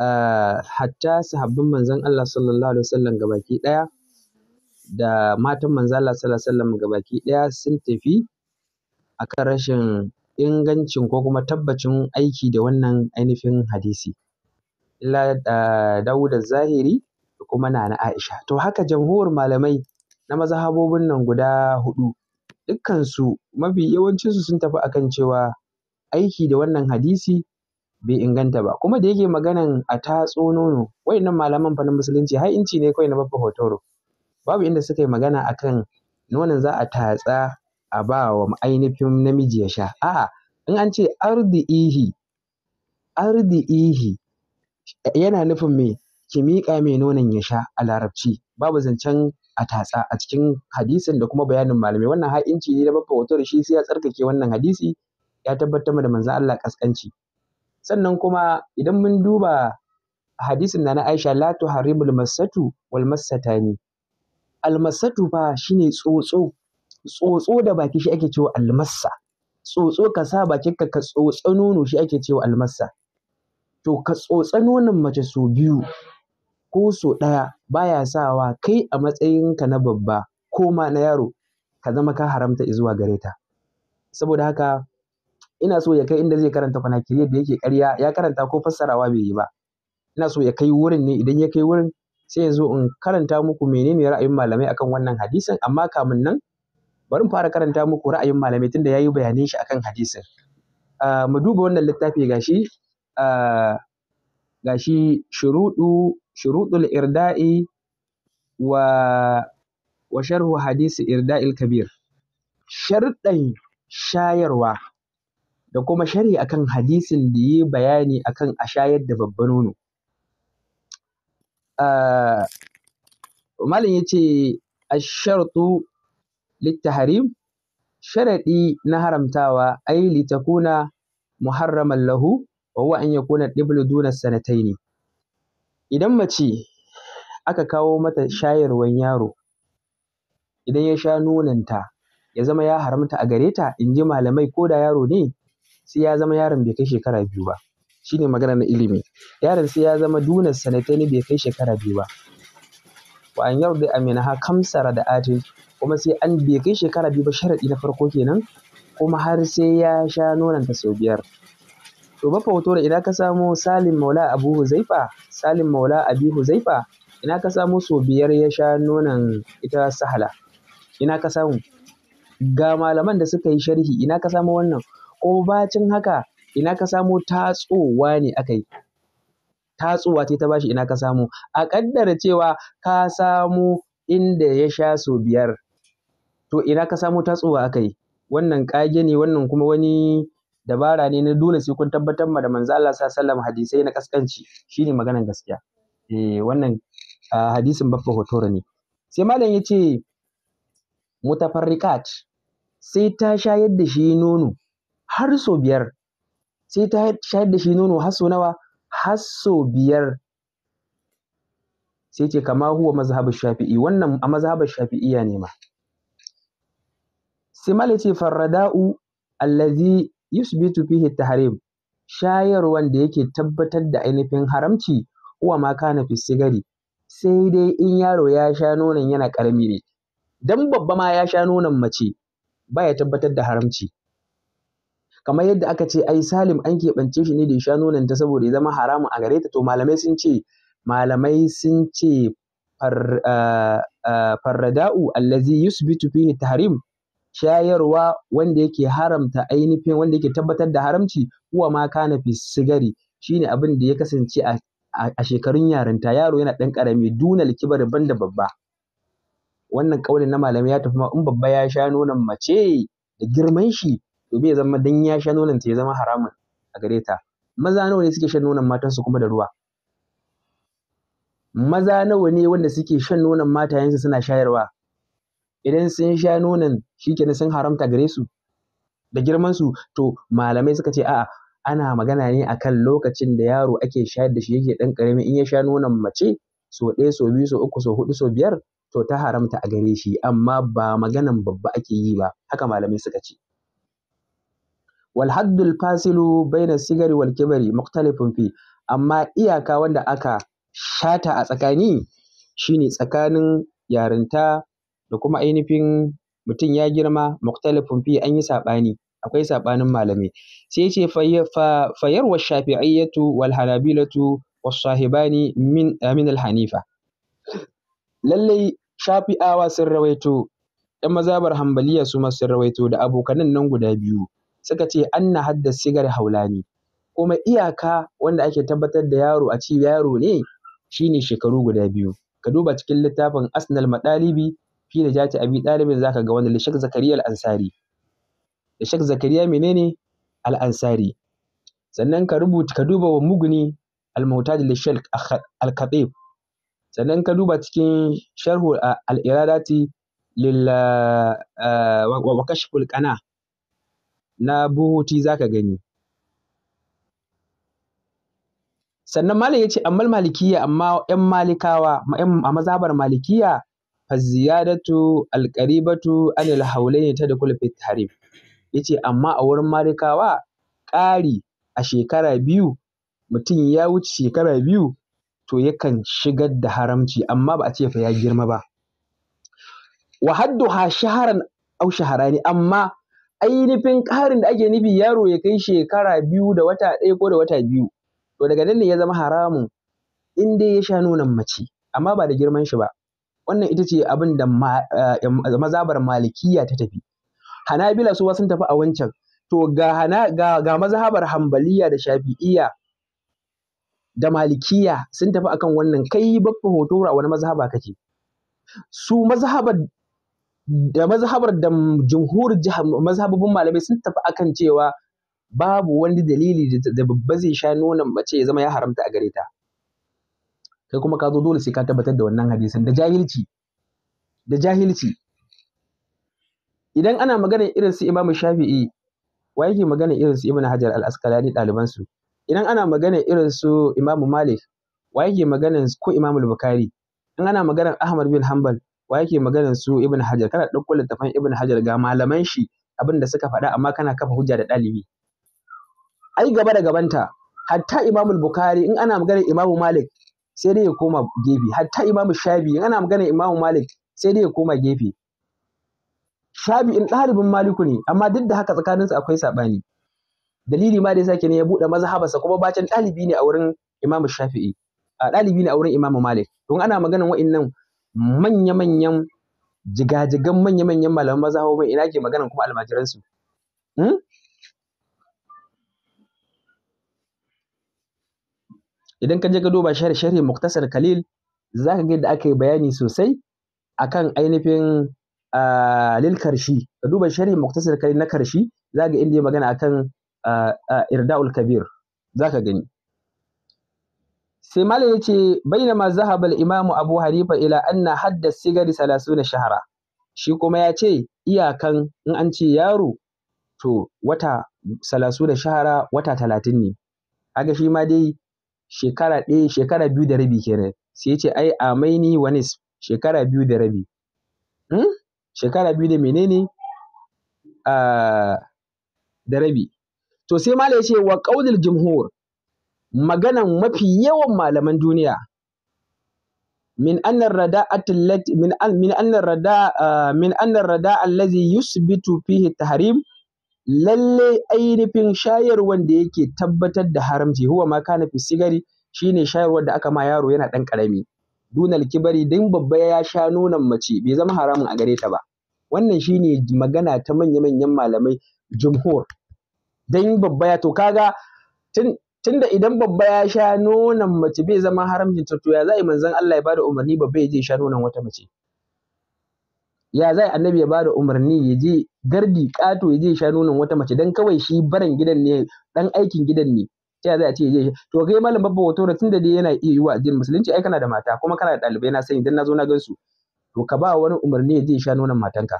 Eh, hatta sahabbin manzon Allah sallallahu alaihi wasallam baki ɗaya da matan manzon Allah sallallahu alaihi wasallam baki ɗaya sun tafi akan rashin ingancin ko kuma tabbacin aiki da wannan ainihin hadisi illa eh, Dawud zahiri da kuma Nana Aisha to haka jamhuwar malamai na mazhabobin nan guda hudu su mafi yawancinsu sun tafi akan cewa aiki da wannan hadisi bai inganta ba kuma da yake maganan a tatso nono wayannan malaman fa musulunci har inci ne kawai na baffa hotoro babu inda suka yi magana akan nonon za a tatsa a ba wa ainihin namiji ya sha a'a in an ce ardi'ihi ardi'ihi yana nufin me ki miƙa mai nonon ya sha a larabci babu zancen a tatsa a cikin hadisin da kuma bayanin malamai wannan inci ne na baffa hotoro shi sai ya tsarkake wannan hadisi ya tabbatar da manzon Allah kaskanci sannan kuma idan mun duba hadisin na na Aisha la tuharibul masatu wal al masatu fa shine tsotso tsotso da baki shi ake cewa massa tsotso ka sa bakinka ka tsotso nono shi ake cewa massa to ka tsotso nonon mace so biyu ko so ɗaya baya sawa kai a matsayin ka na babba ko ma na yaro ka zama ka haramta zuwa gareta, saboda haka ina so ya kai inda zai karanta fanakiriyar da yake ƙarya ya karanta ko fassarawa bai yi ba ina so ya kai wurin ne idan ya kai wurin sai yanzu in karanta muku menene ra'ayin malamai akan wannan hadisin amma kamun nan bari fara karanta muku ra'ayin malamai tunda yayi bayanin shi akan hadisin ah, mu duba wannan littafi gashi ah, gashi shurudu shurudul irda'i wa wa sharhu hadisi irda'il kabir sharɗan shayarwa da kuma sharhi akan hadisin da yi bayani akan a shayar da babban nono. Ah, malam ya ce, Shartu littaharim, sharaɗi na haramtawa ai litakuna muharraman lahu, wa huwa an yakuna ɗiblu duna sanatai ne. Idan mace aka kawo mata shayarwan yaro, idan ya sha nonanta, ya zama ya haramta a gare ta, in ji malamai ko da yaro ne, sai ya zama yaron bai kai shekara biyu ba shine magana na ilimi yaron sai ya zama duna ne bai kai shekara biyu ba wa an yarda amina ha kamsara da Ati kuma sai an bai kai shekara biyu ba sharadi na farko kenan kuma har sai ya sha ta sau biyar to ba hoto da ina ka samo salim maula abu huzaifa salim maula abi huzaifa ina ka samo sau biyar ya sha nonon ita sahala ina ka samu ga malaman da suka yi sharhi ina ka samu wannan Ko bacin haka ina ka samo tatsowa ne aka yi. Tatsowa ce ta bashi ina ka samo. A ƙaddara cewa ka samo inda ya sha sau biyar. To ina ka samo tatsowa aka yi. Wannan ƙage ne wannan kuma wani dabara ne na dole sai kun tabbatar ma da manzo Allah sallallahu alaihi hadisai na kaskanci shine maganan gaskiya. Eh wannan hadisin babba hotora ne. Sai malam yace ce mutafarriqat sai ta sha yadda shi nono har sau biyar sai ta shayar da shi nono har sau nawa har sau biyar sai ce kama huwa mazhabar shafi'i wannan a mazhabar shafi'i ne ma sai mala ce farrada'u allazi yusbitu fihi tahrim shayarwan da yake tabbatar da ainihin haramci uwa ma kana fi sigari sai dai in yaro ya sha nonon yana karami ne dan babba ma ya sha nonon mace baya tabbatar da haramci kamar yadda aka ce ai salim an keɓance shi ne da ya sha ta saboda ya zama haramun a gare ta to malamai sun ce malamai sun ce farrada'u allazi yusbitu fihi tahrim shayarwa wanda yake haramta ainihin wanda yake tabbatar da haramci huwa ma kana fi sigari shine abin da ya kasance a shekarun yarinta yaro yana ɗan karami dunal kibar ban da babba wannan ƙaunin na malamai ya tafi ma in babba ya sha nonon mace da girman shi to ya zama dan ya sha nonon ta ya zama haramun a gare ta maza nawa ne suke shan nonon matansu kuma da ruwa maza nawa ne wanda suke shan nonon matayensu suna shayarwa idan sun sha nonon shikenan sun haramta gare su da girman su to malamai suka ce a'a ana magana ne akan lokacin da yaro ake shayar da shi yake dan karami in ya sha nonon mace so ɗaya so biyu so uku so hudu so biyar to ta haramta a gare shi amma ba maganan babba ake yi ba haka malamai suka ce wal haddul fasilu baina sigari wal kibari mukhtalifun fi amma iyaka wanda aka shata a tsakani shine tsakanin yarinta da kuma ainihin mutum ya girma mukhtalifun fi an yi saɓani akwai saɓanin malamai sai ce fayarwa shafi'iyyatu wal hanabilatu was sahibani min min al hanifa lallai shafi'awa sun rawaito 'yan mazabar hambaliya su sun rawaito da abokanan nan guda biyu suka ce anna hadda sigar haulani kuma iyaka wanda ake tabbatar da yaro a ci yaro ne shine shekaru guda biyu ka duba cikin littafin asnal madalibi fi da jati abi dalibin zaka ga wanda lishak zakariya al-ansari lishak zakariya menene al-ansari sannan ka rubuta ka duba wa mugni al-muhtaj lishak al-khatib sannan ka duba cikin sharhu al-iradati lil ah, wa kashful qana na buhuti za ka gani sannan malam ya ce amma malikiya amma yan malikawa a mazabar malikiya faziyadatu alƙaribatu anil haulaini tadkhul fi tarif ce amma a wurin malikawa ƙari a shekara biyu mutum ya wuce shekara biyu to yakan shigar da haramci amma ba a ce fa ya girma ba wa hadduha shaharan aw shaharani amma ainihin ƙarin da ake nufi yaro ya kai shekara biyu da wata ɗaya ko da wata biyu to daga nan ne ya zama haramun in dai ya sha nonon mace amma ba da girman shi ba wannan ita ce abin da eh, mazabar malikiya ta tafi hanabila su sun tafi a wancan to ga hana ga, ga mazhabar hambaliya da shafi'iyya da malikiya sun tafi akan wannan kai bakka hoto a wani mazhaba kake su mazhabar da mazhabar da jumhur mazhabobin malamai sun tafi akan cewa babu wani dalili da babba zai sha nonon mace ya zama ya haramta a gare ta kai kuma ka zo dole sai ka tabbatar da wannan hadisin da jahilci da jahilci idan ana magana irin su Imam Shafi'i wa yake magana irin su Ibn Hajar al-Asqalani daliban su idan ana magana irin su Imam Malik wa yake magana ko Imam Bukhari in ana magana Ahmad bin Hanbal wa yake maganan su Ibn Hajar kana ɗauko littafan Ibn Hajar ga malaman shi abin da suka faɗa amma kana kafa hujja da ɗalibi ai gaba da gabanta hatta Imam Bukhari in ana maganar Imam Malik sai dai ya koma gefe hatta Imam Shafi in ana maganar Imam Malik sai dai ya koma gefe Shafi in ɗalibin Maliku ne amma duk da haka tsakaninsu akwai saɓani dalili ma dai sake ne ya buɗe mazhabarsa kuma bacin ɗalibi ne a wurin Imam Shafi'i a ɗalibi ne a wurin Imam Malik don ana maganar wa'innan manya-manyan jigajigan manya-manyan malaman mazhabobin ina ke magana kuma almajiransu hmm? idan ka je ka duba sharhi sharhi muktasar kalil za ka ga yadda aka yi bayani sosai akan ainihin ah, lil karshi ka duba sharhi muktasar kalil na karshi za ga inda ya magana akan ah, ah, irda'ul kabir za ka gani sai malam ya ce bainama zahaba al-imamu abu hanifa ila anna hadda sigari salasuna shahara shi kuma ya ce iyakan in an ce yaro to wata salasu da shahara wata talatin ne aga shi ma dai shekara ɗaya shekara biyu da rabi kenan sai ya ce ai amaini wani shekara biyu da rabi hmm? shekara biyu da menene ah, da rabi to sai malam ya ce wa qaulil jumhur maganan mafi yawan malaman duniya min annar rada'atu allati min min annar rada ah, min annar rada'a allazi yusbitu fihi tahrim lalle ainifin shayarwan da yake tabbatar da haramci huwa ma kana fi sigari shine shayar da aka ma yaro yana dan karami dunal kibari din babba ya sha nonon mace bai zama haramun a gare ta ba wannan shine magana ta manya-manyan malamai jumhur dan babba ya to kaga tun tunda idan babba ya sha nonon mace bai zama ta to ya zai yi manzon Allah ya bada umarni babba ya je sha nonon wata mace ya zai annabi ya bada umarni ya je gardi kato ya je sha nonon wata mace dan kawai shi baran gidan ne dan aikin gidan ne ta ya za ce ya je to kai malam babba wato da tunda dai yana iya yiwa addinin musulunci ai kana da mata kuma kana da ɗalibai na sani dan na na gansu to ka ba wani umarni ya je sha nonon matanka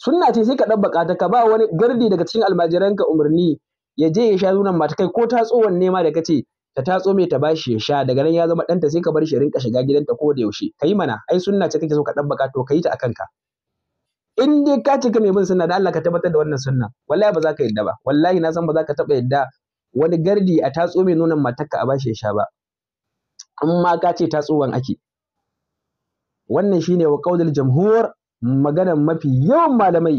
sunna ce sai ka ɗabbaka ta ka ba wani gardi daga cikin almajiranka umarni ya je ya sha nonon mata kai ko tatsowan nema da kace ta tatso mai ta bashi ya sha daga nan ya zama danta sai ka bar shi rinka shiga gidanta ko da yaushe kai mana ai sunna ce kake so ka ɗabbaka to kai ta akan ka in dai ka cika mai bin sunna da Allah ka tabbatar da wannan sunna wallahi ba za ka yadda ba wallahi na san ba za ka taɓa yadda wani gardi a tatso mai nonon matarka a bashi ya sha ba in ma ka ce tatsowan ake wannan shine wa qaulul jamhur maganar mafi yawan malamai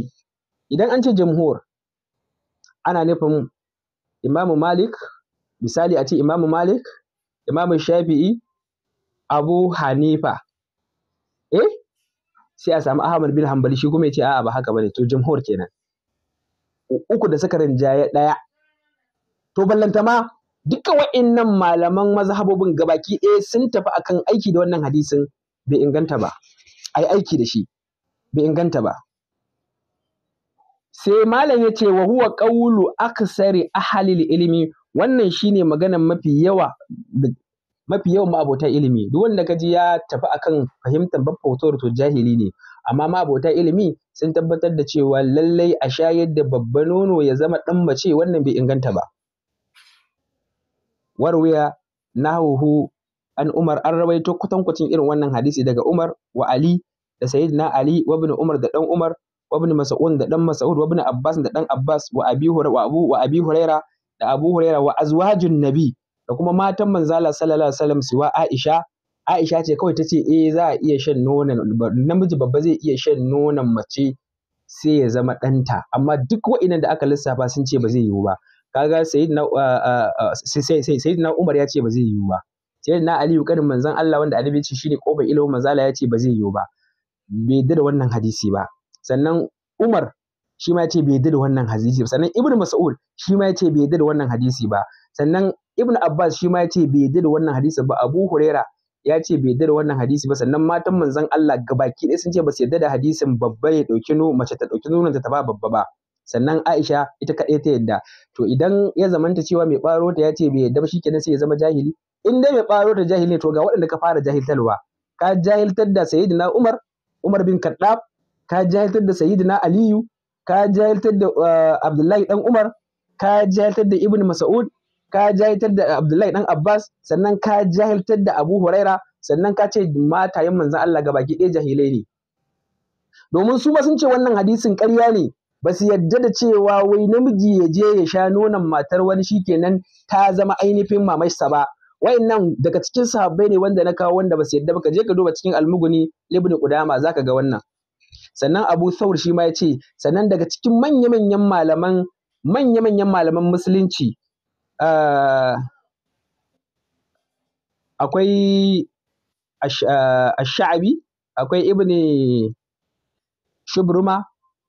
idan an ce jamhur ana nufin Imamu Malik misali a ce Imamu Malik Imamu Shafi'i Abu Hanifa eh sai a samu Ahmad bin Hanbali shi kuma ya ce a'a ba haka bane to jumhur kenan uku da suka rinjaye ɗaya to ballanta ma duka wa'innan malaman mazhabobin gabaki ɗaya sun tafi akan aiki da wannan hadisin bai inganta ba ai aiki da shi bai inganta ba Sai malam ya ce wa huwa qawlu aksari ahalil ilimi, wannan shine maganar mafi yawa mafi yawan ma'abota ilimi duk wanda ka ji ya tafi akan fahimtar babbar to jahili ne amma ma'abota ilimi sun tabbatar da cewa lallai a shayar da babba nono ya zama ɗan mace wannan bai inganta ba warwiya nahuhu an umar an rawaito kwatankwacin irin wannan hadisi daga umar wa ali da sayyidina ali wa ibn umar da dan umar wa ibn mas'ud da dan mas'ud wa abbas da dan abbas wa abi wa abu wa abi huraira da abu huraira wa azwajun nabi da kuma matan manzala sallallahu alaihi wasallam siwa aisha aisha ce kawai tace eh za a iya shan nonon namiji babba zai iya shan nonon mace sai ya zama ɗanta amma duk wa'inan da aka lissafa sun ce ba zai yiwu ba kaga sayyidina uh, uh, uh, sayyidina umar ya ce ba zai yiwu ba sayyidina aliyu karin manzon Allah wanda annabi ce shine kofar ilimin manzala ya ce ba zai yiwu ba bai da wannan hadisi ba sannan Umar shi ma yace bai yarda da wannan hadisi ba sannan Ibn Mas'ud shi ma yace bai yarda da wannan hadisi ba sannan Ibn Abbas shi ma yace bai yarda da wannan hadisi ba Abu Huraira ya ce bai yarda da wannan hadisi ba sannan matan manzon Allah gabaki ɗaya sun ce ba su yarda da hadisin babba ya ɗauki nu mace ta ɗauki nunanta ta ba babba ba sannan Aisha ita kaɗai ta yarda to idan ya zamanta cewa mai ɓaro ta ya ce bai yarda ba shi kenan sai ya zama jahili in dai mai ɓaro ta jahili ne to ga waɗanda ka fara jahiltarwa ka jahiltar da sayyidina Umar Umar bin Kaddaf ka jahiltar da sayyidina aliyu ka jahiltar da uh, abdullahi dan umar ka jahiltar da ibn mas'ud ka jahiltar da abdullahi dan abbas sannan ka jahiltar da abu huraira sannan ka ce matayen manzon Allah baki ɗaya jahilai ne domin su ba sun ce wannan hadisin ƙarya ne ba su yarda da cewa wai namiji ya je ya sha nonon matar wani shi shikenan ta zama ainihin mamarsa ba wayannan daga cikin sahabbai ne wanda na kawo wanda ba su yarda ba ka je ka duba cikin almuguni ibn qudama zaka ga wannan sannan abu saur shi ma ya ce sannan daga cikin manya-manyan malaman manya-manyan malaman musulunci uh, akwai ah, ash-sha'abi akwai ibn shubruma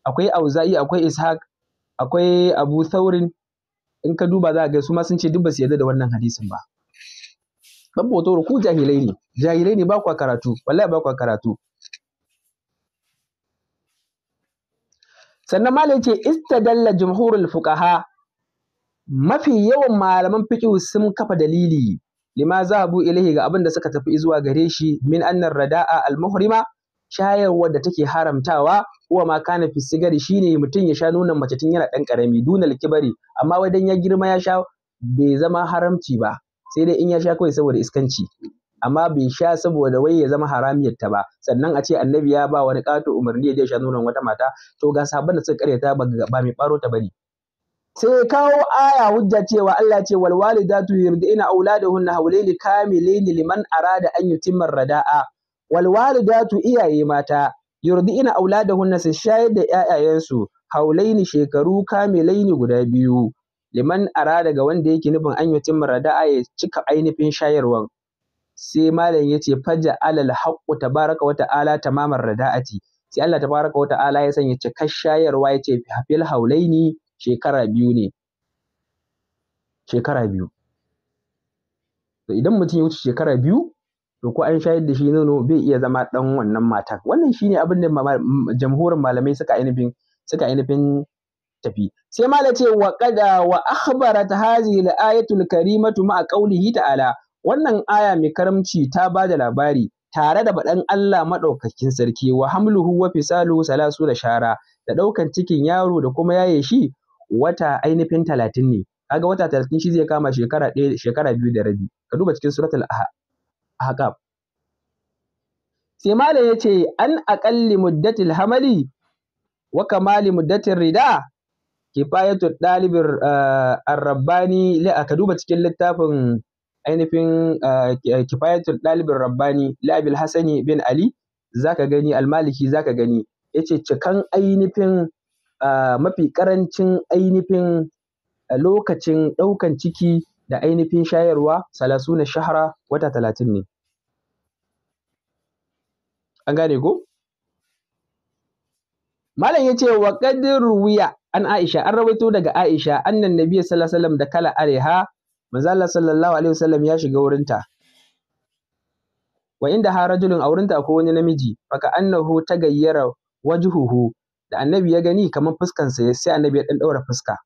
akwai auza'i akwai ishaq akwai abu saurin in ka duba za ga su ma sun ce duk ba su yarda da wannan hadisin ba dan botoro ku jahilai ne jahilai ne ba kwa karatu wallahi ba kwa karatu sannan malai ce dalla jumhurul fuqaha mafi yawan malaman fiqh sun kafa dalili lima zahabu ilahi ga abin da suka tafi zuwa gare shi min annar rada'a al-muhrima shayarwar da take haramtawa uwa ma kana fi sigari shine mutum ya sha nunan mace tun yana dan karami dunal kibari amma wai dan ya girma ya sha bai zama haramci ba sai dai in ya sha kawai saboda iskanci amma bai sha saboda wai ya zama haramiyarta ba sannan a ce annabi ya ba wani ƙato umarni ya je sha nonon wata mata to ga sahabban da suka ta, ba mai ɓaro ta bane sai kawo aya hujja cewa Allah ce wal walidatu yurdina auladuhunna hawlaini kamilaini liman arada an yutimma rada'a wal walidatu iyaye mata yurdina hunna su shayar da ƴaƴayensu haulaini shekaru kamilaini guda biyu liman arada ga wanda yake nufin an yutimma rada'a ya cika ainihin shayarwar. sai malam ya ce faja alal haqqu tabaraka wa ta'ala tamamar rada'ati sai Allah tabaraka wa ta'ala ya sanya ce shayarwa ya ce fil haulaini shekara biyu ne shekara biyu to idan mutum ya wuce shekara biyu to ko an shayar da shi nono bai iya zama dan wannan matan wannan shine abin da jamhurin malamai suka ainihin suka ainihin tafi sai Malam ce wa qada wa akhbarat hadhihi al-ayatu al-karimatu ma qawlihi ta'ala Wannan aya mai karamci ta ba da labari tare da baɗan Allah maɗaukakin sarki wa hamluhu wa fisaluhu salasu da shara da ɗaukan cikin yaro da kuma yaye shi wata ainihin talatin ne. Kaga wata talatin shi zai kama shekara ɗaya shekara biyu da rabi. Ka duba cikin suratul Ahqaf. Sai Malam ya ce an aƙalli muddatil hamali wa kamali muddatin rida kifayatul ɗalibin eh, arrabbani ka duba cikin littafin ainihin kifayatul ɗalibin rabbani labil hasani bin ali zaka gani almaliki zaka gani yace cikan ainihin mafi karancin ainihin lokacin ɗaukan ciki da ainihin shayarwa salasuna shahara wata talatin ne an gane ko malam yace wa qadir ruwiya an aisha an rawaito daga aisha annan nabiyyi sallallahu alaihi wasallam da kala areha manzo Allah sallallahu alaihi wasallam ya shiga wurinta wa inda ha rajulun a wurinta ko wani namiji faka annahu tagayyara wajhuhu da annabi ya gani kamar fuskansa sai annabi ya dan daura fuska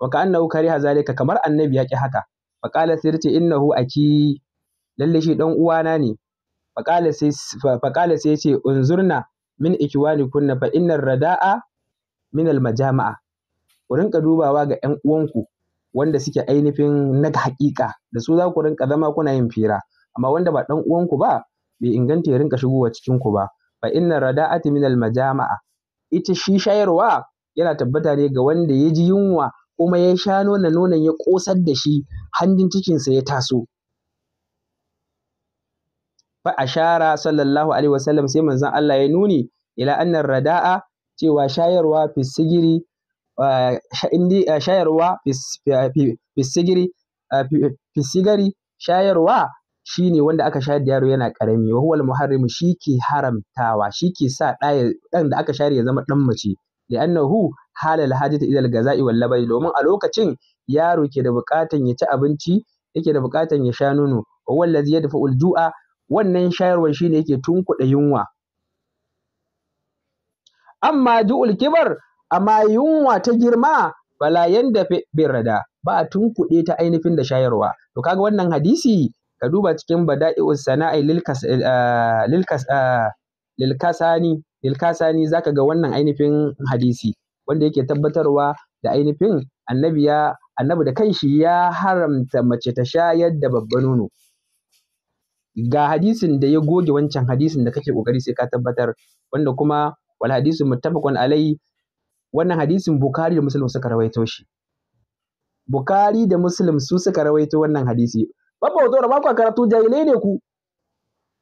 wa ka annahu kariha zalika kamar annabi ya ki haka fa qala sirti innahu aki lalle shi dan uwana ne fa qala sai fa qala sai yace unzurna min ikwani kunna fa innar rada'a min al majama'a ku rinka dubawa ga 'yan uwanku wanda suke ainihin na haƙiƙa da su za ku rinka zama kuna yin fira amma wanda ba ɗan uwanku ba bai inganta ya rinka shigowa cikin ku ba fa inna rada'ati min majama'a ita shi shayarwa yana tabbata ne ga wanda ya ji yunwa kuma ya sha nona nonon ya ƙosar da shi hanjin cikinsa ya taso fa ashara sallallahu alaihi wasallam sai manzon Allah ya nuni ila annar rada'a cewa shayarwa fi sigiri Eh, eh, shayarwa fisigiri eh, fisigari shayarwa shine wanda aka shayar da yaro yana ƙarami wa huwal muharrimu shi ke haramtawa shi ke sa ɗan da aka shayar ya zama ɗan mace li'annahu halal hajata ilal gaza'i wal labari domin a lokacin yaro ke da buƙatan ya ci abinci yake da buƙatan ya sha nono wa wallazi yadfa'ul uljua. wannan shayarwar shine yake tunkuɗa yunwa amma ju'ul kibar amma yunwa ta girma bala yanda bin rada ba a tunkuɗe ta ainihin da shayarwa to kaga wannan hadisi ka duba cikin bada'i'us sana'i lilkasani eh, eh, lilkasani zaka ga wannan ainihin hadisi wanda yake tabbatarwa da ainihin annabi ya annabi da kanshi ya haramta mace ta shayar da babban nono ga hadisin da ya goge wancan hadisin da kake kokari sai ka tabbatar wanda kuma wal hadisu muttafaqun alai wannan hadisin Bukhari da Muslim suka rawaito shi Bukhari da Muslim su suka rawaito wannan hadisi babba wato ba ku karatu jahilai ne ku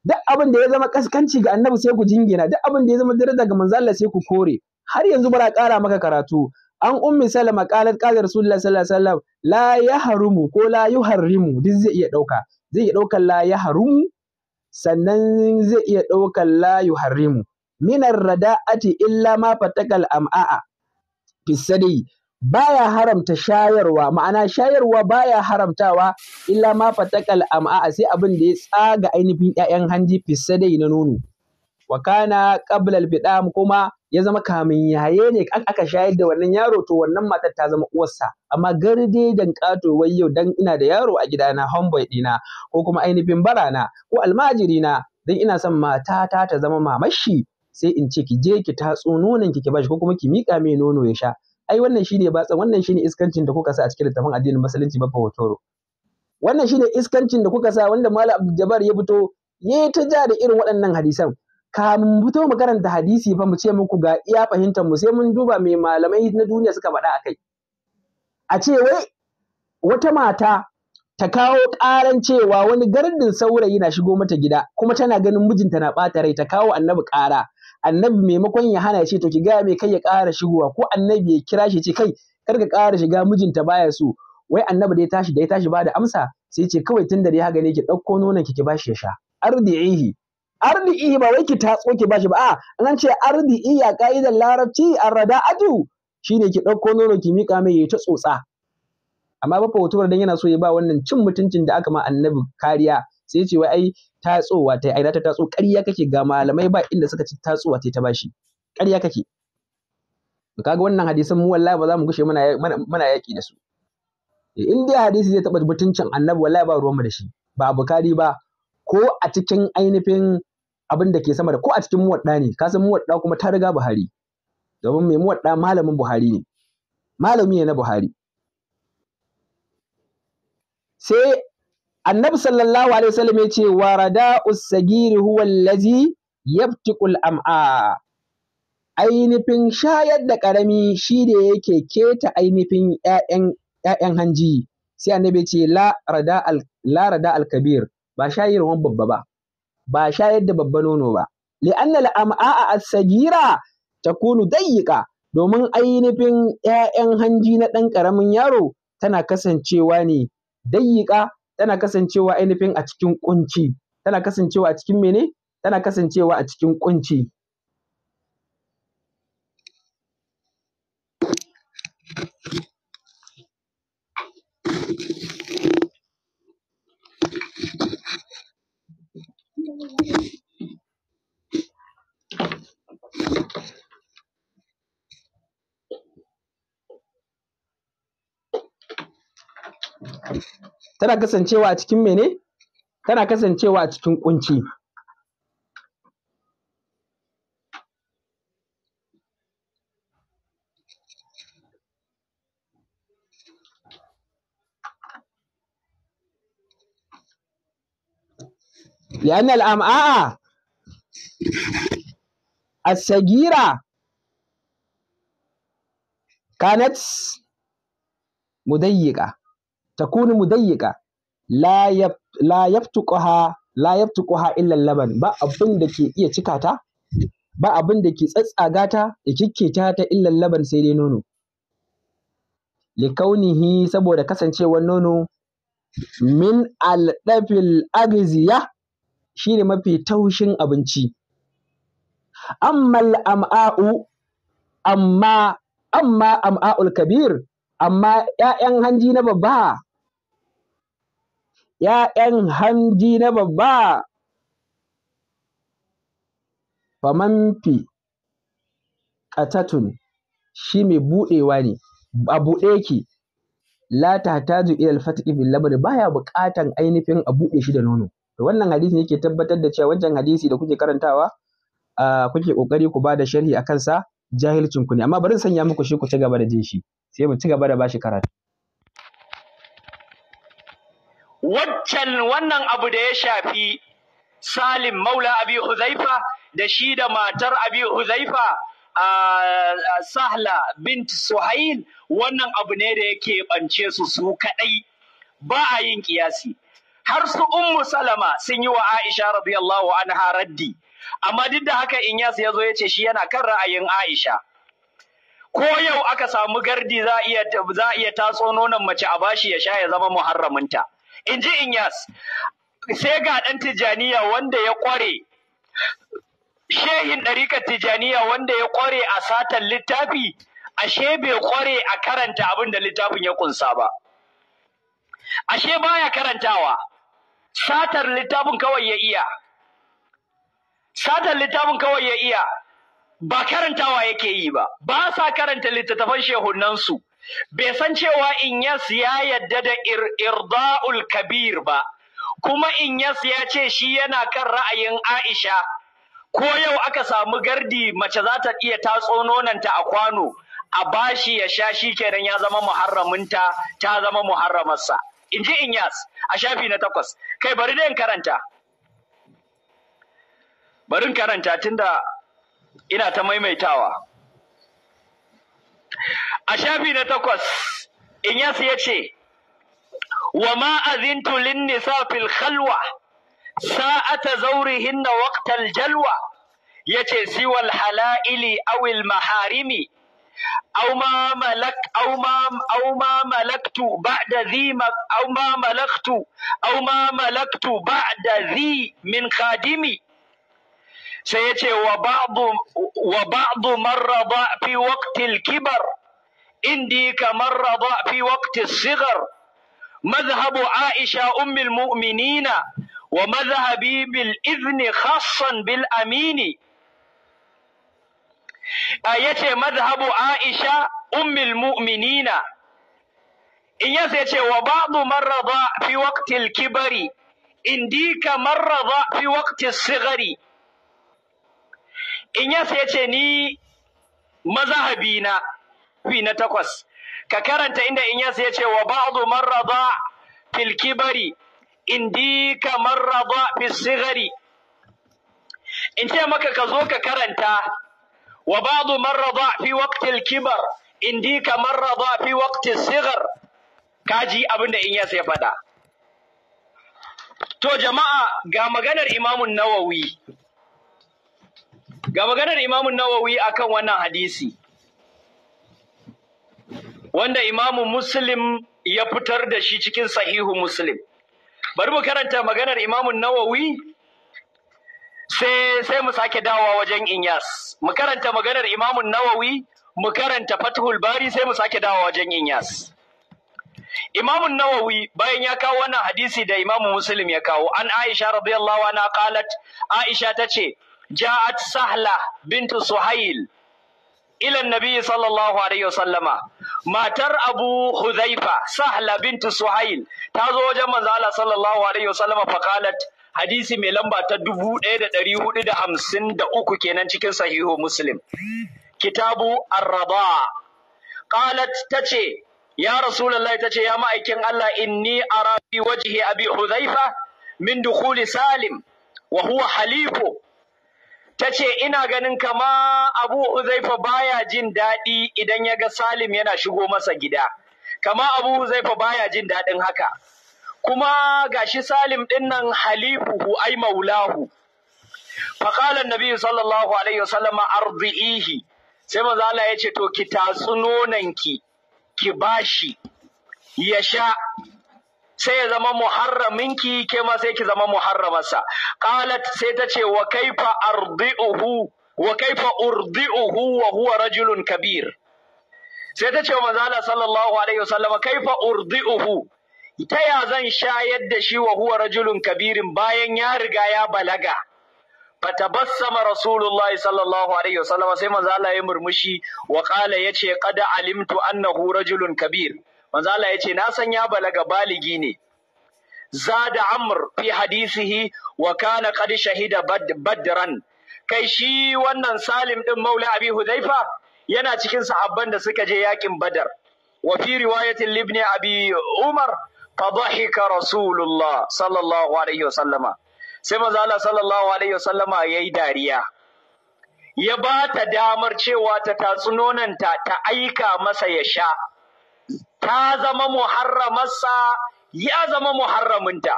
duk abin da ya zama kaskanci ga annabi sai ku jingina duk abin da ya zama daraja ga manzo Allah sai ku kore har yanzu bara ƙara maka karatu an ummi salama qalat qala rasulullah sallallahu alaihi wasallam la yahrumu ko la yuharrimu duk zai iya dauka zai iya daukan la yahrumu sannan zai iya daukan la yuharrimu minar rada'ati illa ma fatakal am'a ba baya haramta shayarwa ma'ana shayarwa baya haramtawa illa ma fatakal a sai abin da ya tsaga ainihin ƴaƴan hanji fissadai na nono wa kana biɗa albidam kuma ya zama kamin yaye ne aka shayar da wannan yaro to wannan matar ta zama uwarsa amma garde dan kato wai yau dan ina da yaro a gidana homeboy dina ko kuma ainihin barana ko almajiri na don ina son matata ta zama mamashi sai in ce ki je ki tatso nonon ki ki bashi ko kuma ki miƙa mai nono ya sha ai wannan shine batsa wannan shine iskancin da kuka sa a cikin littafin addinin musulunci babba wotoro wannan shine iskancin da kuka sa wanda malam abdul ya fito ya ta ja da irin waɗannan hadisan kamun fito mu karanta hadisi fa mu ce muku ga iya fahimtar mu sai mun duba mai malamai na duniya suka faɗa akai a ce wai wata mata ta kawo ƙaran cewa wani gardin saurayi na shigo mata gida kuma tana ganin mijinta na ɓata rai ta kawo annabi ƙara annabi maimakon ya hana shi to ki gaya mai kai ya ƙara shigowa ko annabi ya kira shi ce kai kar ka ƙara shiga mijinta baya so wai annabi da ya tashi da ya tashi ba da amsa sai ce kawai tun da dai haka ne ki ɗauko nonon ki ki bashi ya sha ardi'ihi ardi'ihi ba wai ki tatso ki bashi ba a an ce ardi'i ya ka'idar larabci Shi ne ki ɗauko nono ki miƙa mai ya ta tsotsa amma ba fa dan yana so ya ba wannan cin mutuncin da aka ma annabi kariya sai ce wai ai tatsowa ta ai ta tatso ƙarya kake ga malamai ba inda suka ci tatsowa ta ta bashi ƙarya kake to kaga wannan hadisan mu wallahi ba za mu gushe muna muna yaki da su eh, in dai hadisi zai taɓa mutuncin annabi wallahi ba ruwanmu da shi ba bukari ba ko a cikin ainihin abin da ke sama da ko a cikin muwadda ne ka san muwadda kuma ta riga buhari domin mai muwadda malamin buhari ne malami ne na buhari sai annabi sallallahu alaihi wasallam yace warada usagiri huwa allazi yabtiqul am'a ainifin shayar da karami shi da yake keta ainifin ƴaƴan ƴaƴan hanji sai annabi yace la rada al la rada al kabir ba shayarwan babba ba ba shayar da babba nono ba li'anna al-am'a as-sagira takunu dayyiqa domin ainifin ƴaƴan hanji na ɗan ƙaramin yaro tana kasancewa ne dayyika tana kasancewa ainihin a cikin kunci tana kasancewa a cikin mene tana kasancewa a cikin kunci Thank you. tana kasancewa a cikin mene tana kasancewa a cikin kunci لأن الأمعاء الصغيرة كانت مضيقة takunu mudayyiqa la yab la yabtuquha la yabtuquha illa laban ba abin da ke iya cika ta ba abin da ke tsatsaga ta ya kikkita ta illa laban sai dai nono likaunihi saboda kasancewar nono min aldafil agziya shine mafi taushin abinci amma amma am'a'ul kabir amma ‘ya'yan hanji na babba ‘ya'yan hanji na babba. Famanfi ƙatatun shi mai buɗewa ne, a buɗe yake. La tahtaju ila al-fat'i bil labad baya buƙatan ainihin a buɗe shi da nono. To wannan hadisin yake tabbatar da cewa wancan hadisi da kuke karantawa kuke kokari ku bada sharhi akan sa jahilcin ku ne amma bari in sanya muku shi ku ci gaba da jin shi sai mu ci gaba da bashi karatu. waccan wannan abu da ya shafi Salim Maula Abi Huzaifa da shi da matar Abi Huzaifa Sahla bint Suhail wannan abu ne da yake bance su su kadai ba a yin kiyasi har su ummu salama sun yi wa Aisha radiyallahu anha raddi amma duk da haka Inyas ya zo ya ce shi yana kan ra'ayin Aisha ko yau aka samu gardi za iya za iya taso nonon mace a bashi ya sha ya zama muharraminta in ji Inyas sai ga ɗan Tijaniya wanda ya ƙware shehin ɗarikar Tijaniya wanda ya ƙware a satan littafi ashe bai ƙware a karanta abin da littafin ya ƙunsa ba ashe baya karantawa satar littafin kawai ya iya satar littafin kawai ya iya ba karantawa yake yi ba ba sa karanta littattafan shehunansu bai san cewa Inyas ya yadda da irda'ul kabir ba kuma Inyas ya ce shi yana kan ra'ayin Aisha ko yau aka samu gardi mace za ta iya tatso nonanta a kwano a bashi ya sha shi kenan ya zama muharraminta ta zama muharramarsa in ji Inyas a shafi na takwas kai bari da karanta barin karanta tunda ina ta maimaitawa a shafi na takwas inyas ya ce wa ma azintu lin nisa fil khalwa sa'ata na waqtal jalwa yace siwal halaili awil maharimi أو ما ملك أو ما أو ما ملكت بعد ذي أو ما ملكت أو ما ملكت بعد ذي من خادمي سيأتي وبعض وبعض من في وقت الكبر عندي كمرض في وقت الصغر مذهب عائشة أم المؤمنين ومذهبي بالإذن خاصا بالأمين آية مذهب عائشة أم المؤمنين إن يسيتي وبعض من رضى في وقت الكبر إنديك من رضى في وقت الصغر إن يسيتي ني مذهبينا shafi na takwas ka karanta inda in yasa ya ce wa ba'du man rada fil kibari indika man rada fil sigari in ce maka ka zo ka karanta wa ba'du man rada fi waqtil kibar indika man rada fi waqtil sigar kaji abinda in yasa ya faɗa to jama'a ga maganar imamun nawawi ga maganar imamun nawawi akan wannan hadisi wanda imamu muslim ya fitar da shi cikin sahihu muslim bari mu karanta maganar imamun nawawi sai sai mu sake dawowa wajen inyas mu karanta maganar imamun nawawi mu karanta fathul bari sai mu sake dawowa wajen inyas imamun nawawi bayan ya kawo wannan hadisi da imamu muslim ya kawo an aisha radiyallahu anha qalat aisha tace ja'at sahla bintu suhail ila nabi sallallahu alaihi wasallama matar abu huzaifa sahla bintu suhail ta zo wajen manzo Allah sallallahu alaihi wasallama faqalat hadisi mai lamba ta 1453 kenan cikin sahihu muslim kitabu ar-rada qalat tace ya rasulullahi tace ya ma'aikin Allah inni arabi wajhi abi huzaifa min dukhuli salim wa huwa halifu ta ce ina ganin kama abu uzaifa baya jin daɗi idan ya ga salim yana shigo masa gida kama abu huzaifa baya jin daɗin haka kuma gashi salim ɗin nan halifuhu ai maulahu faƙalar nabi sallallahu alaihi wasallama arzi'ihi sai manzo Allah ya ce to ki tatsu nonanki ki bashi ya sha sai ya zama muharraminki ke ma sai ki zama muharramarsa qalat sai ta ce wa kaifa ardi'uhu wa kaifa urdi'uhu wa huwa rajulun kabir sai ta ce wa manzo sallallahu alaihi wasallam kaifa urdi'uhu ta ya zan shayar da shi wa huwa rajulun kabirin bayan ya riga ya balaga fatabassama rasulullahi sallallahu alaihi wasallam sai maza Allah ya murmushi wa qala yace qad alimtu annahu rajulun kabir manzo Allah yace na san ya balaga baligi ne zada amr fi hadisihi wa kana qad shahida badran kai shi wannan salim din maula abi hudhaifa yana cikin sahabban da suka je yakin badar wa fi riwayatin libni abi umar fadhahika rasulullah sallallahu alaihi wasallama sai manzo Allah sallallahu alaihi wasallama yayi dariya ya ba ta damar cewa ta tatsunonanta ta aika masa ya sha ta zama muharramarsa ya zama muharraminta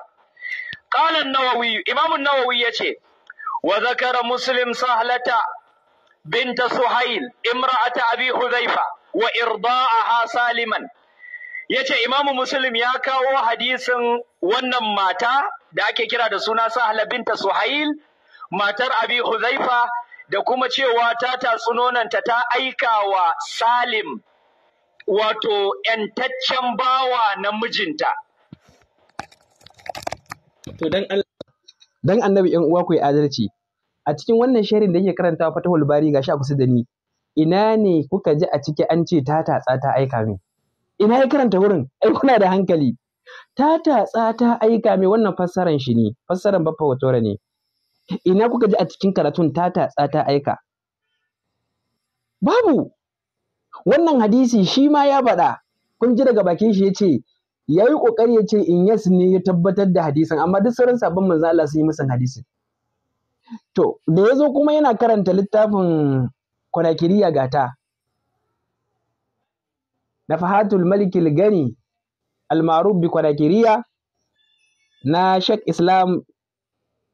qalan nawawi imamu nawawi yace wa zakara muslim sahlata binta suhail imra'ata abi huzaifa wa irda'aha saliman yace imamu muslim ya kawo hadisin wannan mata da ake kira da suna sahla binta suhail matar abi hudhaifa da kuma cewa ta tatsunonanta ta aika wa salim wato ‘yantaccen bawa na mijinta. To dan annabi ‘yan uwa ku yi adalci. A cikin wannan sharin da yake karanta Fatahul Bari ga sha kusa da ni, ina ne kuka ji a ciki an ce ta tatsa ta aika min? Ina ya karanta wurin? Ai kuna da hankali. Ta tatsa ta aika min wannan fassaran shi ne, fassaran baffa wato ne. Ina kuka ji a cikin karatun ta tatsa ta aika? Babu, wannan hadisi shi ma ya faɗa kun ji daga bakin shi yace ya yi ƙoƙari ya ce in yes ne ya tabbatar da hadisin amma duk sauran sabon manzo Allah sun yi musu hadisin to da ya zo kuma yana karanta littafin kwanakiriya gata na fahatul malikil gani almaruf bi kwanakiriya na shek islam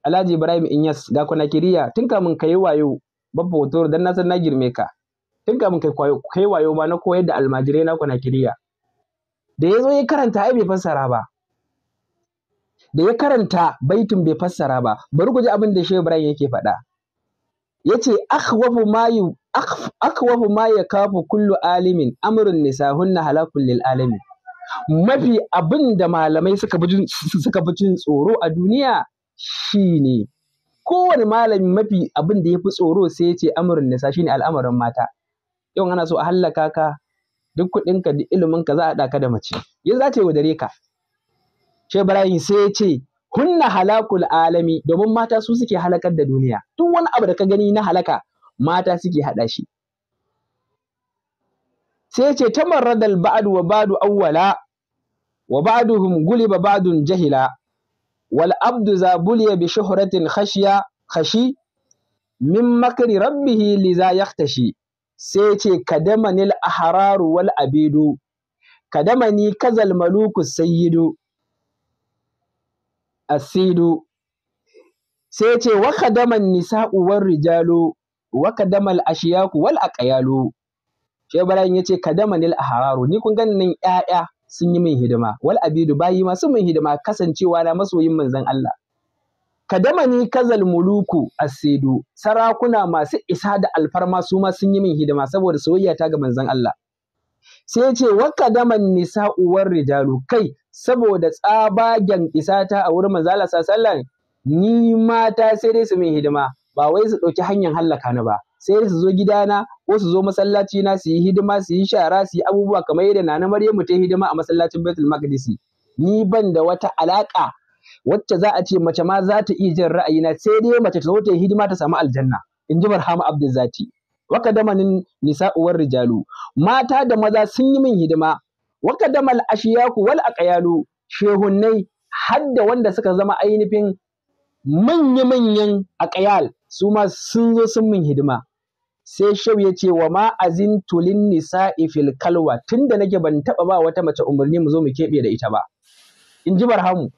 alhaji ibrahim inyas ga kwanakiriya tun kamun ka yi wayo babba hoto dan na san na girme ka tun kafin kai kai wayo ma na koyar da almajirai na kiriya da ya zo ya karanta ai bai fassara ba da ya karanta baitin bai fassara ba bari ku ji abin da Shehu Ibrahim yake faɗa yace akhwafu ma yu akhwafu ma yakafu kullu alimin amrun nisahunna halakun lil alamin mafi abin da malamai suka bi suka bi tsoro a duniya shine kowane malami mafi abin da ya fi tsoro sai ya ce amurin nisa shine al'amarin mata yau ana so a hallaka ka duk kuɗinka duk iliminka za a haɗa da mace ya za ta yi wadare ka shi ibrahim sai ya ce kunna halakul alami domin mata su suke halakar da duniya duk wani abu da ka gani na halaka mata suke haɗa shi sai ce ta marradal ba'du wa ba'du awwala wa ba'duhum guliba ba'dun jahila wal abdu zabuliya bi shuhratin khashiya khashi min makri rabbihi liza yaktashi sai ce kadamanil ahararu wal abidu kadamani kazal maluku sayyidu asidu sai ce wa kadaman nisa'u war rijalu wa kadamal ashiyaku wal aqyalu shi ya ce kadamanil ahararu ni kun ganin nan ƴaƴa sun yi min hidima wal abidu bayi ma sun min hidima kasancewa na masoyin manzon Allah Kadamani kazal muluku Sedo. sarakuna masu isa da alfarma su ma sun yi min hidima saboda soyayya ta ga manzon Allah. Sai ya ce wa kadaman nisa uwar rijalu kai saboda tsabagen isata a wurin manzon Allah sallallahu ni mata sai dai su min hidima ba wai su ɗauki hanyar hallaka ni ba sai su zo gidana ko su zo masallaci na su yi hidima su yi shara su yi abubuwa kamar yadda nana Maryamu ta hidima a masallacin Baitul Maqdisi ni ban da wata alaka wacce za a ce mace ma za ta iya jin ra'ayina sai dai mace ta zo ta yi hidima ta samu aljanna in ji barhamu abdul zati waka damanin nisa'uwar rijalu mata da maza sun yi min hidima waka damal ashiyaku wal aqyalu shehunnai Har da wanda suka zama ainihin manya-manyan aqyal su ma sun zo sun min hidima sai shau ya ce wa ma azin tulin nisa'i fil kalwa tunda nake ban taba ba wata mace umarni mu zo mu keɓe da ita ba in ji barhamu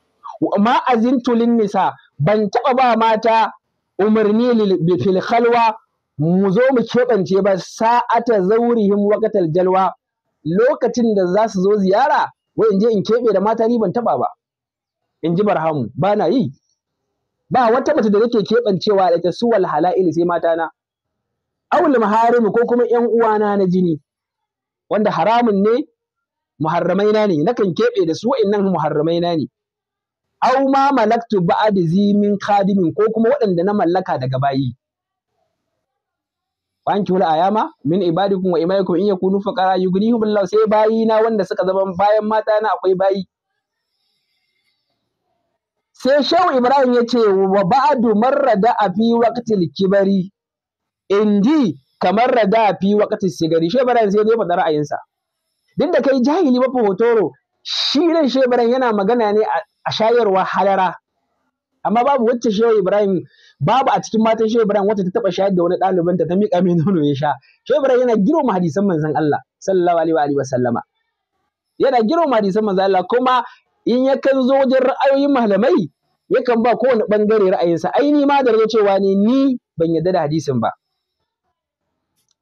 ma azintulin nisa ban taɓa ba mata umarni fil khalwa mu zo mu keɓance ba sa'ata zawrihim waqtal jalwa lokacin da za su zo ziyara wai in je in keɓe da mata ni ban taɓa ba in ji barhamu ba na yi ba wata mace da nake keɓancewa da ita suwal hala'ili sai mata na awul maharimi ko kuma 'yan uwana na jini wanda haramun ne muharramai ne nakan keɓe da su wa'innan muharramai na ne au ma malaktu ba'da zimin khadimin ko kuma waɗanda na mallaka daga bayi wanki wal ayama min ibadikum wa imaikum in yakunu faqara yughnihum Allah sai bayi na wanda suka zama bayan mata na akwai bayi sai Shehu Ibrahim ya ce wa ba'du marrada fi waqtil kibari indi kamar rada fi waqtil sigari Shehu Ibrahim sai ya faɗa ra'ayinsa duk da kai jahili ba hotoro shi ran Shehu Ibrahim yana magana ne a a shayarwa halara amma babu wacce shehu ibrahim babu a cikin matan shehu ibrahim wacce ta taba shayar da wani ɗalibanta ta miƙa mai nono ya sha shehu ibrahim yana girma hadisan manzon Allah sallallahu alaihi wa alihi wa sallama yana girma hadisan manzon Allah kuma in yakan zo wajen ra'ayoyin malamai yakan ba kowane bangare ra'ayinsa aini ma da cewa ne ni ban yadda da hadisin ba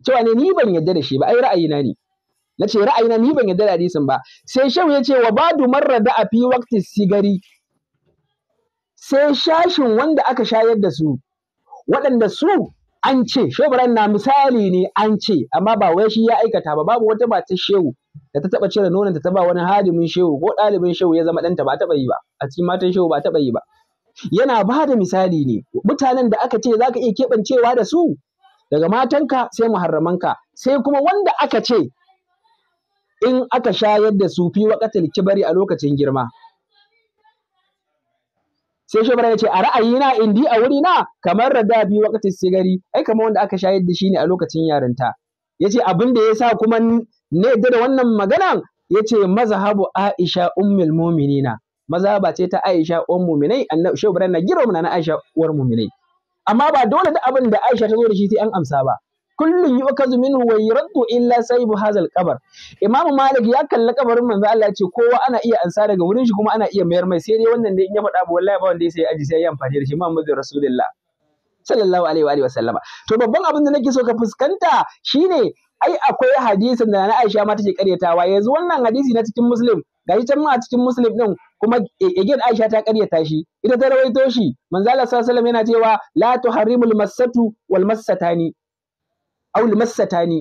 cewa ne ni ban yadda da shi ba ai ra'ayina ne na ce ra'ayina ni ban yarda da hadisin ba sai shehu ya ce wa badu marra da a fi waqti sigari sai shashin wanda aka shayar da su waɗanda su an ce shehu na misali ne an ce amma ba wai shi ya aikata ba babu wata matar shehu da ta taba cire nonon ta ba wani hadimin shehu ko ɗalibin shehu ya zama ɗanta ba taba yi ba a cikin matan shehu ba taba yi ba yana ba da misali ne mutanen da aka ce za ka iya keɓancewa da su daga matanka sai muharramanka sai kuma wanda aka ce in aka shayar da su fi ki kibari a lokacin girma sai shebara ya ce a ra'ayina indi a wuri na kamar rada bi waqatil sigari ai kamar wanda aka shayar da shi ne a lokacin yarinta yace abin da sa kuma ne da wannan maganan yace mazhabu Aisha ummul mu'minina mazhaba ce ta Aisha uwar mu'minai annabi shebara na giro na Aisha uwar mu'minai amma ba dole da abin da Aisha ta zo da shi sai an amsa ba kullun yu'kazu minhu wa yuraddu illa sahibu hazal kabar. imamu malik ya kalli kabarin manzo Allah ce kowa ana iya ansa daga wurin shi kuma ana iya mayar mai sai dai wannan dai in ya faɗa ba wallahi ba wanda ya sai aji sai ya amfani da shi Muhammadu Rasulullah sallallahu alaihi wa alihi to babban abin da nake so ka fuskanta shine ai akwai hadisin da na Aisha ma take karyatawa yanzu wannan hadisi na cikin Muslim gashi can ma a cikin Muslim din kuma e, e, again Aisha ta karyata shi ita ta rawaito shi manzo Allah sallallahu alaihi wasallam yana cewa la tuharrimul massatu wal massatani aul massatani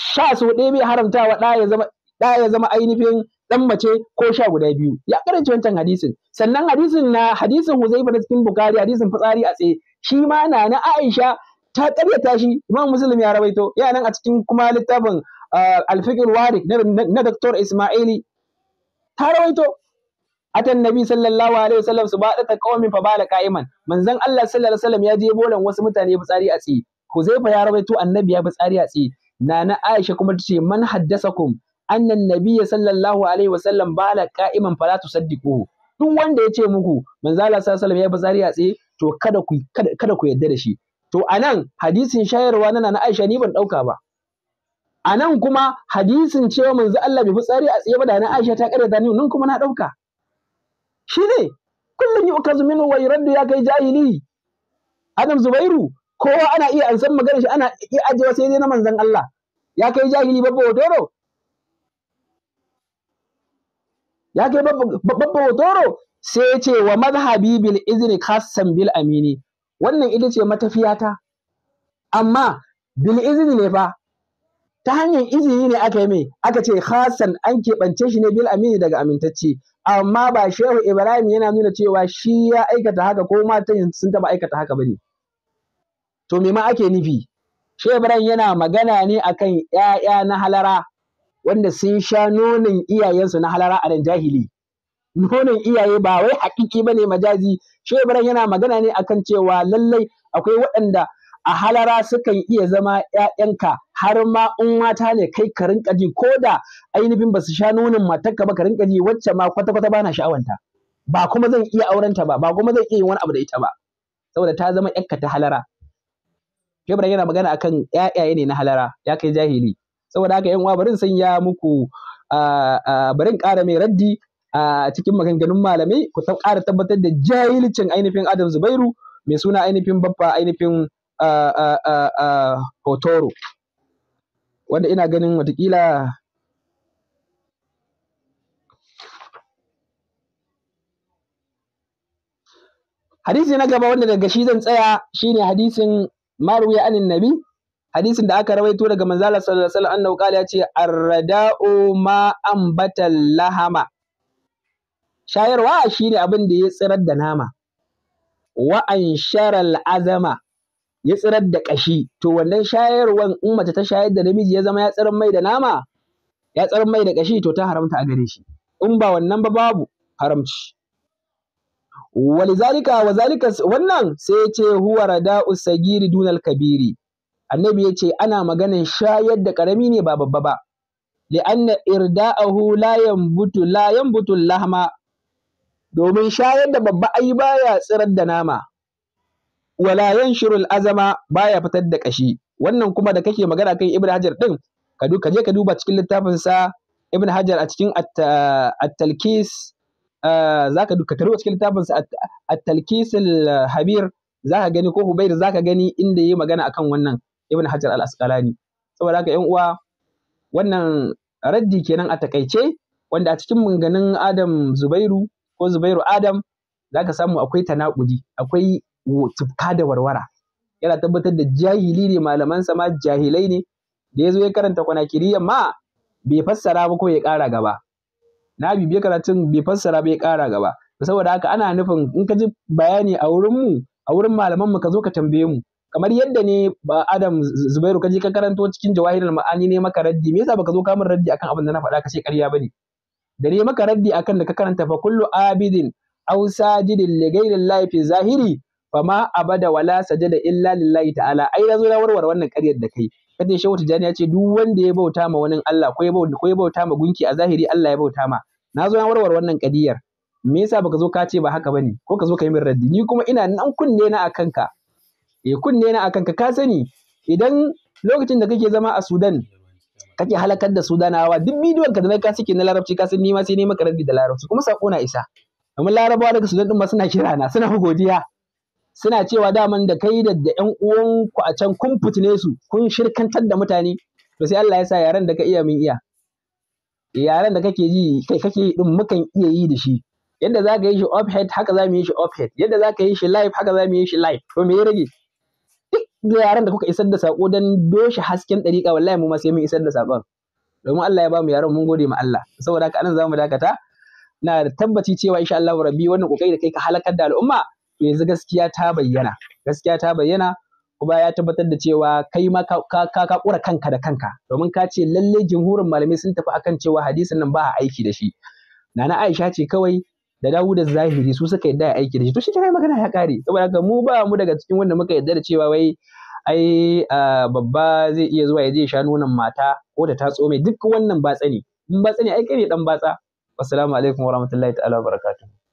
sha so ɗaya bai haramta wa ɗa ya zama ɗa ya zama ainihin ɗan mace ko sha guda biyu ya karanci wancan hadisin sannan hadisin na hadisin Huzaifa da cikin Bukhari hadisin fitsari a tsaye shi ma na na Aisha ta karyata shi Imam Muslim ya rawaito ya nan a cikin kuma littafin ah, Al-Fiqh Warik na Dr. Ismaili ta rawaito atan nabi sallallahu alaihi wasallam su ba da qaumin fa bala qa'iman manzon Allah sallallahu alaihi wasallam ya je bolan wasu mutane fitsari a tsaye Huzaifa ya rawaito annabi ya bi tsari a tsaye nana Aisha kuma ta ce man haddasakum annan nabiyya sallallahu alaihi wa sallam, bala qa'iman fala tusaddiquhu duk wanda ya ce muku manzala sallallahu alaihi ya bi tsari a tsaye to kada ku kada ku yarda da shi to anan hadisin shayarwa na nana Aisha ni ban dauka ba anan kuma hadisin cewa manzo Allah bai fi tsari a tsaye ba da na Aisha ta karyata ni nan kuma na dauka shi ne kullum yu'kazu minhu wa yuraddu ya kai jahili Adam Zubairu kowa ana iya an san maganar shi ana iya ajewa sai dai na manzon Allah ya kai jahili babba hotoro ya kai babba hotoro sai ya ce wa madhabi bil izni khassan bil amini wannan ita ce matafiyata amma bil izni ne fa ta hanyar izini ne aka yi mai aka ce khassan an keɓance shi ne bil amini daga amintacci. amma ba shehu ibrahim yana nuna cewa shi ya aikata haka ko matan sun taɓa aikata haka ba ne? To me ma ake nufi? Shebran yana magana ne akan ‘ya'ya na halara wanda sun sha nonon iyayensu na halara a nan jahili. Nonon iyaye ba wai haƙiƙi ba ne majazi. Shebran yana magana ne akan cewa lallai akwai waɗanda a halara sukan iya zama ‘ya'yanka har ma in mata ne kai ka rinka ji ko da ainihin ba su sha nonon matarka ba ka rinka ji wacce ma kwata-kwata bana sha'awanta. Ba kuma zan iya aurenta ba, ba kuma zan iya yin wani abu da ita ba. Saboda ta zama ‘yarka ta halara. Jabran yana magana akan 'ya'ya ne na halara ya kai jahili saboda haka yan uwa bari sanya muku barin ƙara mai raddi a cikin maganganun malamai ku san ƙara tabbatar da jahilcin ainihin Adam Zubairu mai suna ainihin babba ainihin Hotoro wanda ina ganin watakila hadisi na gaba wanda daga shi zan tsaya shine hadisin ma anin nabi hadisin da aka rawaito daga manzala sallallahu alaihi wasallam annahu qala yace arrada'u ma ambatal lahama shayarwa shine abin da ya tsirar da nama wa ansharal azama ya tsirar da kashi to wannan shayarwan in mace ta shayar da namiji ya zama ya tsirar mai da nama ya tsirar mai da kashi to ta haramta a gare shi in ba wannan ba babu haramci walizalika wazalika wannan sai ya ce huwa rada'u sagiri dunal kabiri annabi ya ce ana maganan shayar da karami ne ba babba ba li'anna irda'ahu la yanbutu la yanbutu lahma domin shayar da babba ai baya tsirar da nama wala yanshurul azama baya fitar da kashi wannan kuma da kake magana kan ibnu hajar din ka je ka duba cikin littafin sa ibn hajar a cikin at-talkis Za ka duka tarwa cikin littafinsa a talkisil habir habir ka gani ko hubair ka gani inda ya yi magana a kan wannan ibn hajar al-asqalani saboda haka yan uwa wannan raddi kenan a takaice wanda a cikin manganin adam zubairu ko zubairu adam za zaka samu akwai tanakudi akwai tufka da warwara yana tabbatar da jahili ne malamansa ma jahilai ne da ya zo ya karanta kwanakiriya ma bai fassara ba ko ya ƙara gaba na bibiye karatun bai fassara bai ƙara gaba saboda haka ana nufin in ka ji bayani a wurin mu a wurin malaman mu ka zo ka tambaye mu kamar yadda ne ba Adam Zubairu ka je ka karanto cikin jawahirul ma'ani ne maka raddi me yasa baka zo ka min raddi akan abin da na faɗa ka ce ƙarya bane da ne maka raddi akan da ka karanta fa kullu abidin aw sajidin li ghairillahi fi zahiri fama abada wala sajada illa lillahi ta'ala ai zo na warware wannan ƙaryar da kai kadai shehu tijani ya ce duk wanda ya bauta ma wani Allah ko ya bauta ma gunki a zahiri Allah ya bauta ma na zo na warware wannan kadiyar me yasa baka zo ka ce ba haka bane ko ka zo ka yi min raddi ni kuma ina nan kunne na akan ka eh kunne na akan ka ka sani idan lokacin da kake zama a Sudan kake halakar da Sudanawa duk bidiyon ka da na ka suke na larabci ka san ni ma sai ne maka raddi da larabci kuma sako na isa amma larabawa daga Sudan din ma suna kira na suna godiya suna cewa daman da kai da da ƴan uwanku a can kun fitine su kun shirkantar da mutane to sai Allah ya sa yaran da ka iya min iya yaran da kake ji kai kake yi din mukan iya yi da shi yadda za ka yi shi off head haka za mu yi shi off head yadda za ka yi shi live haka za mu yi shi live to me ya rage duk da yaran da kuka isar da sako dan doshi hasken dariƙa wallahi mu ma sai mun isar da sakon domin Allah ya ba mu yaran mun gode ma Allah saboda haka anan zamu dakata na tabbaci cewa insha Allah rabbi wannan kokari da kai ka halakar da al'umma to yanzu gaskiya ta bayyana gaskiya ta bayyana kuma ya tabbatar da cewa kai ma ka ka kura kanka da kanka domin ka ce lalle jumhurin malamai sun tafi akan cewa hadisin nan ba a aiki da shi nana Aisha ce kawai da Dawud da Zahiri su suka yadda aiki da shi to shi kai magana ya kare saboda haka mu ba mu daga cikin wanda muka yadda da cewa wai ai babba zai iya zuwa ya je sha nonon mata ko da ta tsome duk wannan batsani. ne in batsa ne ai kai ne dan batsa assalamu alaikum warahmatullahi ta'ala wabarakatuh